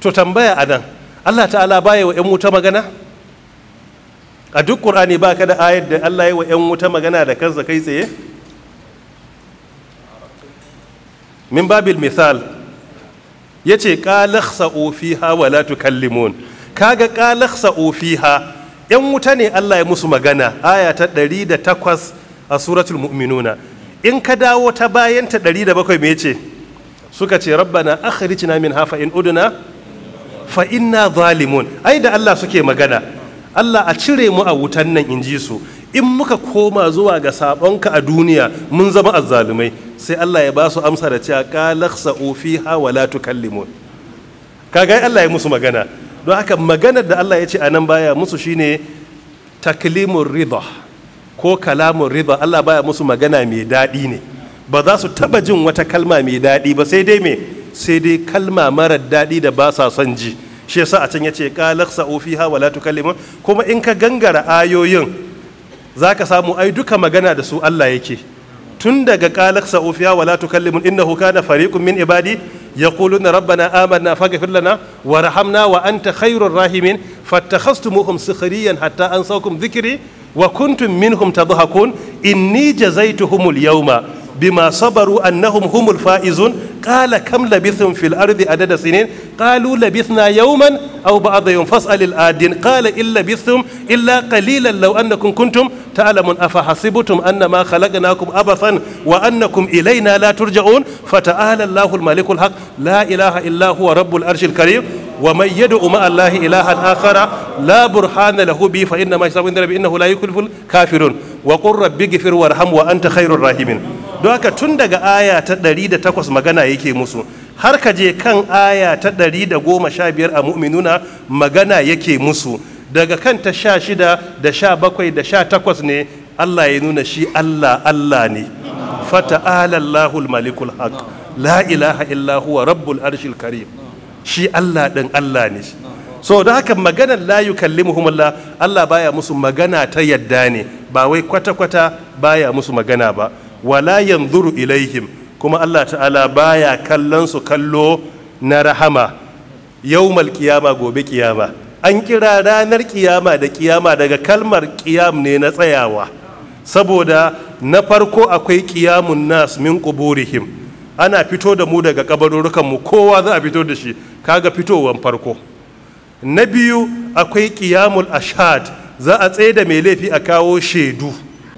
to tambaya anan Allah ta'ala baya wa 'yan wuta magana a duk ƙur'ani ba ka da ayar da Allah ya wa 'yan wuta magana da kansa kai tsaye min babil misal ya ce ƙalaksa ofiha wa la kaga ƙalaksa ofiha 'yan wuta ne Allah ya musu magana aya ta 108 a suratul mu'minuna in ka dawo ta bayanta ta 107 me ce suka ce rabbana akhrijna min hafa in uduna fa inna zalimun ai da Allah suke magana Allah a cire mu a wutan nan in ji su in muka koma zuwa ga sabonka a duniya mun zama azzalumai sai Allah ya ba su amsa da cewa qalaqsa fiha wa la tukallimun kaga Allah ya musu magana don haka maganar da Allah ya ce anan baya musu shine taklimur ridha ko kalamun ridha Allah baya musu magana mai daɗi ne ba za su taba jin wata kalma mai daɗi ba sai dai me sai dai kalma mara daɗi da ba sa son ji shi yasa a can ya ce kalak sa'ofiha wala tukallimun kuma in ka gangara ayoyin zaka samu ai duka magana da su Allah yake tun daga kalak sa'ofiha wala tukallimun innahu kana fariqun min ibadi yaquluna rabbana amanna faghfir lana warhamna wa anta khairur rahimin fattakhastumuhum sukhriyan hatta ansawkum dhikri wa kuntum minhum tadhakun inni jazaituhumul yawma bima sabaru annahum humul faizun qala kam labithum fil ardi adada sinin qalu labithna yawman aw ba'd yawm fas'al al adin qala in labithum illa qalilan law annakum kuntum ta'lamun afa hasibtum annama khalaqnakum abathan wa annakum ilaina la turja'un fata'ala Allahu al malikul haq la ilaha illa huwa rabbul arshil karim ومن يدعو مع الله إلها آخر لا برهان له به فإنما يشرب عند ربه إنه لا يكلف الكافرون وقل رب اغفر وارحم وأنت خير الراحمين don haka tun daga aya ta ɗari 108 magana yake musu har ka je kan aya ta ɗari da sha biyar a mu'minuna magana yake musu daga kan ta 16 da 17 da 18 ne Allah ya nuna shi Allah Allah ne fata'ala Allahul malikul haq la ilaha illa huwa rabbul arshil karim shi Allah ɗin Allah ne so don haka maganar la yukallimuhum Allah Allah baya musu magana ta yadda ne ba wai kwata kwata baya musu magana ba wala yanzuru ilaihim kuma Allah ta'ala baya kallon su kallo na rahama yawmal qiyama gobe qiyama an kira ranar qiyama da qiyama daga kalmar qiyam ne na tsayawa saboda na farko akwai qiyamun nas min quburihim ana fito da mu daga kabarurukan mu kowa za a fito da shi kaga fitowan farko na biyu akwai qiyamul ashad, za a tsaye da mai laifi a kawo shaidu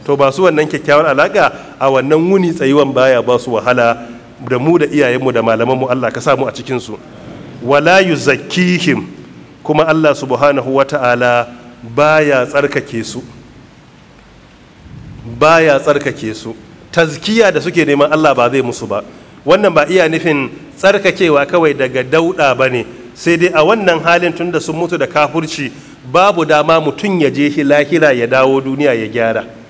to ba su wannan kyakkyawar alaka a wannan wuni tsayuwan baya ba su wahala da mu da iyayenmu da malamanmu Allah ka samu a cikinsu su wala yuzakkihim kuma Allah subhanahu wata'ala baya tsarkake su baya tsarkake su tazkiya da suke neman Allah ba zai musu ba wannan ba iya nufin tsarkakewa kawai daga dauɗa ba ne, sai dai a wannan halin tun da sun mutu da kafurci babu dama mutum ya je shi lahira ya dawo duniya ya gyara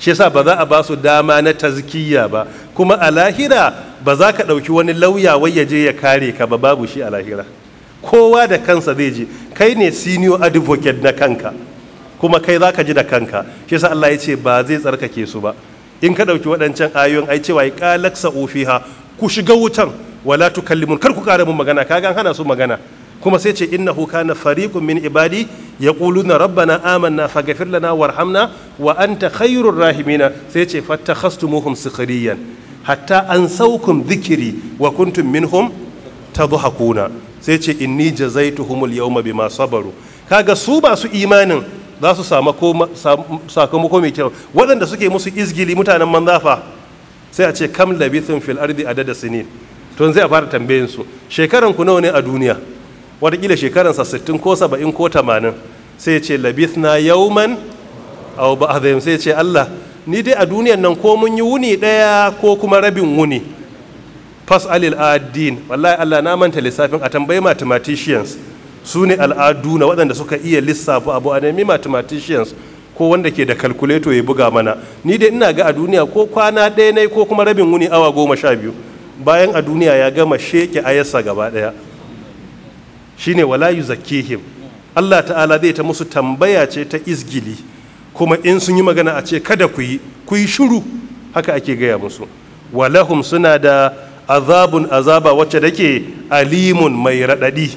shi yasa ba za a ba su dama na tazkiya ba kuma a lahira ba za ka ɗauki wani lauya wai ya je ya kare ka ba babu shi a lahira kowa da kansa zai je, kai ne senior advocate na kanka kuma kai za ka ji da kanka shi yasa Allah ya ce ba zai tsarkake su ba in ka ɗauki waɗancan ayoyin ai cewa ya kalaksa ofiha ku shiga wutan wala tukallimun kar ku ƙara mun magana kaga an hana su magana kuma sai ce inna huka kana fariqun min ibadi yaquluna rabbana amanna faghfir lana warhamna wa anta khairur rahimina sai ce fattakhastumuhum sukhriyan hatta an saukun dhikri wa kuntum minhum tadhahakuna sai ce inni jazaituhumul yawma bima sabaru kaga su ba su imanin za su sakamako mai kyau waɗanda suke musu izgili mutanen manzafa sai a ce kam labithun fil ardi adada sinin to zai fara tambayin su shekaran ku nawa ne a duniya watakila shekaransa 60 ko 70 ko 80 sai ce labithna yauman aw ba'dhum sai ce Allah ni dai a duniyan nan ko mun yi wuni daya ko kuma rabin wuni fasalil adin wallahi Allah na manta lissafin a tambayi mathematicians su ne al'adu na waɗanda suka iya lissafi abu a nemi mathematicians ko wanda ke da kalkuleto ya buga mana ni dai ina ga a duniya ko kwana ɗaya ne ko kuma rabin wuni awa goma sha biyu bayan a duniya ya gama sheke ayarsa gaba ɗaya shine wala yuzakkihim Allah ta'ala zai ta musu tambaya ce ta izgili kuma in sun yi magana a ce kada ku yi ku yi shiru haka ake gaya musu walahum suna da azabun azaba wacce dake alimun mai raɗaɗi.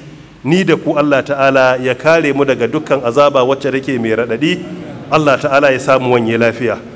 ni da ku Allah ta'ala ya kare mu daga dukkan azaba wacce dake mai raɗaɗi? Allah ta'ala ya samu wanye lafiya